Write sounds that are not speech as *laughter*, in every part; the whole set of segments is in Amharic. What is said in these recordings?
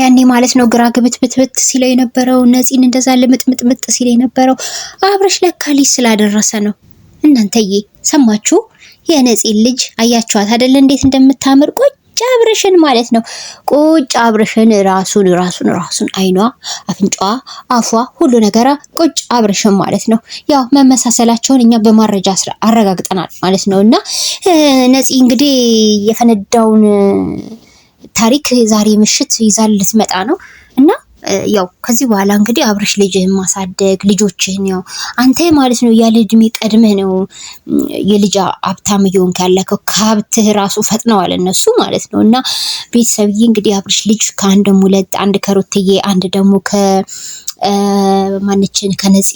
ያኔ ማለት ነው ግራ ግብት ብትብት ሲለ የነበረው ነፂን እንደዛ ልምጥምጥምጥ ሲለ የነበረው አብረሽ ለካ ልጅ ስላደረሰ ነው። እናንተዬ ሰማችሁ? የነፂን ልጅ አያችኋት አደለ? እንዴት እንደምታምር ቆጭ አብረሽን ማለት ነው ቁጭ አብረሽን ራሱን ራሱን ራሱን አይኗ፣ አፍንጫዋ፣ አፏ ሁሉ ነገራ ቁጭ አብረሽን ማለት ነው። ያው መመሳሰላቸውን እኛ በማረጃ አረጋግጠናል ማለት ነው። እና ነፂ እንግዲህ የፈነዳውን ታሪክ ዛሬ ምሽት ይዛል ልትመጣ ነው እና ያው ከዚህ በኋላ እንግዲህ አብረሽ ልጅህን ማሳደግ ልጆችህን ያው አንተ ማለት ነው ያለ እድሜ ቀድመህ ነው የልጅ ሀብታም እየሆንክ ያለከው ከሀብትህ ራሱ ፈጥነዋል እነሱ ማለት ነው። እና ቤተሰብዬ እንግዲህ አብረሽ ልጅ ከአንድም ሁለት አንድ ከሮትዬ አንድ ደግሞ ከማንችን ከነፂ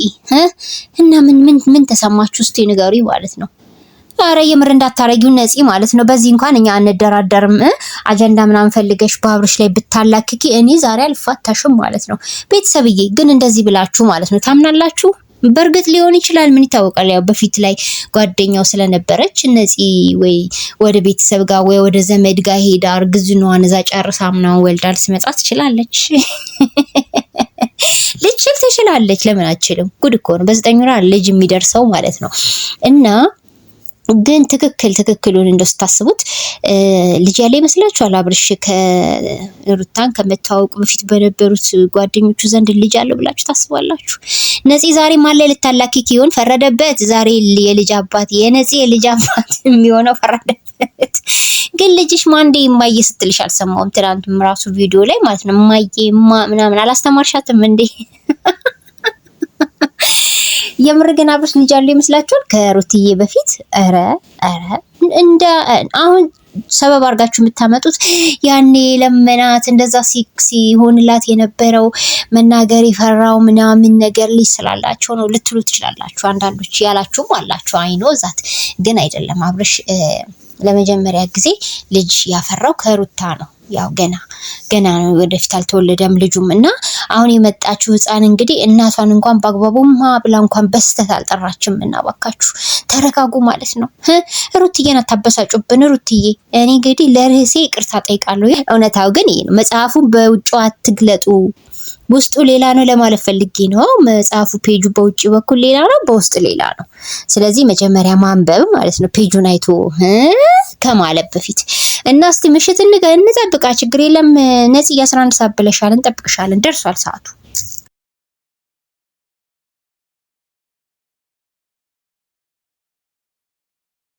እና ምን ምን ምን ተሰማችሁ እስቲ ንገሪ ማለት ነው። አረ የምር እንዳታረጊው ነፂ ማለት ነው። በዚህ እንኳን እኛ አንደራደርም። አጀንዳ ምናምን ፈልገሽ በአብርሽ ላይ ብታላክኪ እኔ ዛሬ አልፋታሽም ማለት ነው። ቤተሰብዬ ግን እንደዚህ ብላችሁ ማለት ነው ታምናላችሁ? በእርግጥ ሊሆን ይችላል። ምን ይታወቃል? ያው በፊት ላይ ጓደኛው ስለነበረች እነዚ ወይ ወደ ቤተሰብ ጋር ወይ ወደ ዘመድ ጋር ሄዳ እርግዝናዋን እዛ ጨርሳ ምናምን ወልዳ ልትመጣ ትችላለች። *laughs* ልችል ትችላለች። ለምን አችልም? ጉድ እኮ ነው። በዘጠኝ ወር ልጅ የሚደርሰው ማለት ነው እና ግን ትክክል ትክክሉን እንደው ስታስቡት ልጅ ያለ ይመስላችኋል? አብርሽ ከሩታን ከመታወቁ በፊት በነበሩት ጓደኞቹ ዘንድ ልጅ አለው ብላችሁ ታስባላችሁ? ነፂ ዛሬ ማለ ልታላኪ ይሆን? ፈረደበት። ዛሬ የልጅ አባት የነፂ የልጅ አባት *laughs* የሚሆነው ፈረደበት። ግን ልጅሽ ማንዴ የማየ ስትልሽ አልሰማውም። ትናንትም ራሱ ቪዲዮ ላይ ማለት ነው ማየ ምናምን አላስተማርሻትም እንዴ? *laughs* የምር ግን አብርሽ ልጅ አለው ይመስላችኋል? ከሩትዬ በፊት ኧረ ኧረ እንደ አሁን ሰበብ አድርጋችሁ የምታመጡት ያኔ ለመናት እንደዛ ሲሆንላት የነበረው መናገር የፈራው ምናምን ነገር ልጅ ስላላቸው ነው ልትሉ ትችላላችሁ። አንዳንዶች ያላችሁም አላችሁ። አይኖ ዛት ግን አይደለም። አብርሽ ለመጀመሪያ ጊዜ ልጅ ያፈራው ከሩታ ነው። ያው ገና ገና ነው፣ ወደፊት አልተወለደም ልጁም እና አሁን የመጣችው ህፃን እንግዲህ እናቷን እንኳን በአግባቡ ማ ብላ እንኳን በስተት አልጠራችም። እናባካችሁ ተረጋጉ ማለት ነው። ሩትዬን አታበሳጩብን። ሩትዬ እኔ እንግዲህ ለርህሴ ይቅርታ ጠይቃለሁ። እውነታው ግን ይህ ነው። መጽሐፉን በውጭው አትግለጡ። ውስጡ ሌላ ነው ለማለት ፈልጌ ነው። መጽሐፉ ፔጁ በውጭ በኩል ሌላ ነው፣ በውስጥ ሌላ ነው። ስለዚህ መጀመሪያ ማንበብ ማለት ነው ፔጁን አይቶ ከማለት በፊት እና እስቲ ምሽት እንጠብቃ፣ ችግር የለም ነፂ፣ የ11 ሰዓት ብለሻል፣ እንጠብቅሻለን። ደርሷል ሰዓቱ።